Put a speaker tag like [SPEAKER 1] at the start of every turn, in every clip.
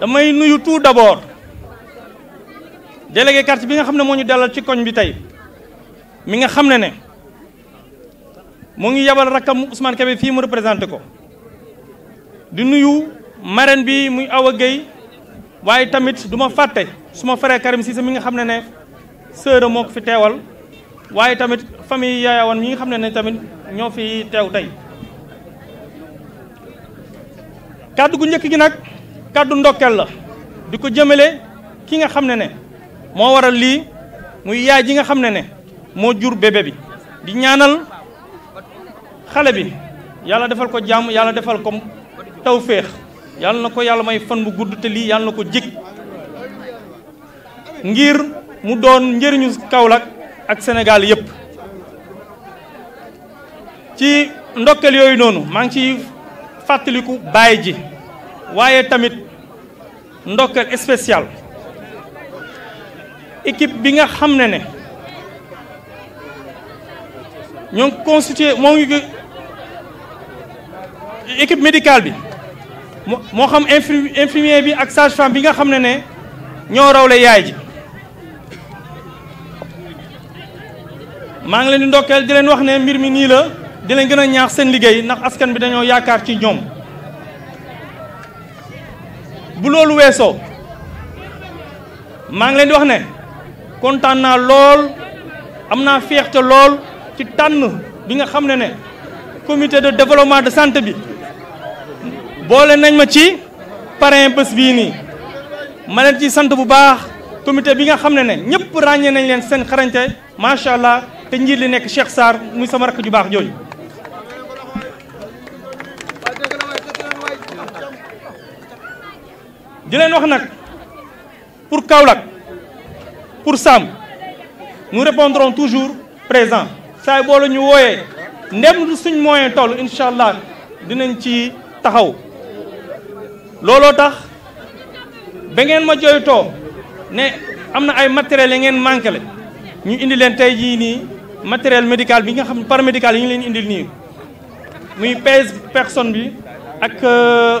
[SPEAKER 1] damay nuyu tout d'abord délégué quartier bi nga xamné moñu dalal ci koñ bi tay mi nga xamné ne mo ngi yabal rakam Ousmane Kébé fi mu représenté ko di nuyu marraine bi muy Awa Gueye waye tamit duma faté suma frère Karim Cissé mi nga xamné ne sœur moko fi téwal waye tamit famille won mi nga xamné ne tamit ñoo fi téw tay kaddu gu ñëk gi nak kàddu ndokkeel la di ko jëmale ki nga xam ne ne moo waral lii muy yaay ji nga xam ne ne moo jur bebe bi di ñaanal xale bi yàlla defal ko jàmm yàlla defal ko tawféex yàlla na ko yàlla may fan bu gudd te lii yàlla na ko jig ngir mu doon njëriñu Kaolack ak Sénégal yépp ci ndokkeel yooyu noonu maa ngi ciy fàttaliku baay ji waaye tamit ndokkeel spécial équipe bi nga xam ne ne ñoo constitué moo ngi équipe médicale bi moo xam infirmier bi ak sage bi nga xam ne ne ñoo rawle yaay ji maa ngi leen di ndokkeel di leen wax ne mbir mi nii la di leen gën a ñaax seen liggéey ndax askan bi dañoo yaakaar ci ñoom bu lolou wesso ma ngi len di wax ne kontaan na lol amna fierté lol ci tànn bi nga xamne ne comité de développement de santé bi boole nañ ma ci parrain bëss bi ni ma len ci sante bu baax comité bi nga xamne ne ñepp ñëpp nañ len seen xarañté machallah allah te li nek Cheikh sar muy sama rak ju baax pour Kaulak, pour Sam nous répondrons toujours présent Ça, ñu wooyee ndem suñ moyen toll tous dinañ ci taxaw looloo tax ba ngeen ma ne ay matériels matériel médical bi paramédical pèse personne bi euh,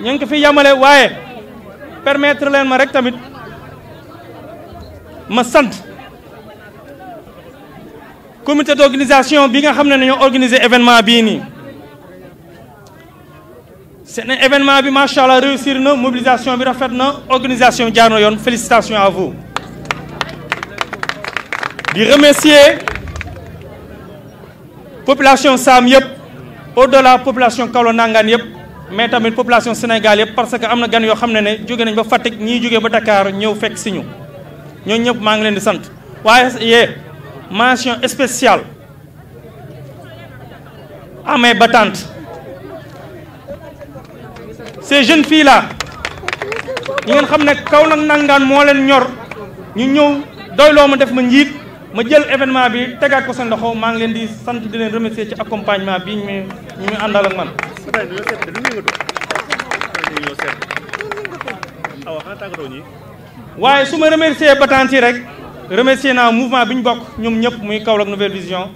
[SPEAKER 1] ñu ko fi yamale waaye permettre len ma rek tamit ma sante comité d'organisation bi nga xamné ñoo organiser événement qui c'est un événement bi machallah réussir na mobilisation bi rafet na organisation jarno yon félicitations à vous di remercier population Sam au-delà population de nangaan yep mais tamit population Sénégal yëpp parce que am na gan yoo xam ne ne jóge nañ ba Fatick ñii jóge ba Dakar ñëw fekk si ñu ñoo ñëpp maa ngi leen di sant waaye yee mention spéciale amee battante ces jeunes filles là ñi ngeen xam ne kaw nag nangaan moo leen ñor ñu ñëw doyloo ma def ma njiit ma jël événement bi tegaat ko seen loxo maa ngi leen di sant di leen remercier ci accompagnement bi ñu ñu àndal ak man taalibe waaye su ma remercier Batanti rek remercier naa mouvement bi ñu bokk ñoom ñëpp muy Kaolack Nouvelle Vision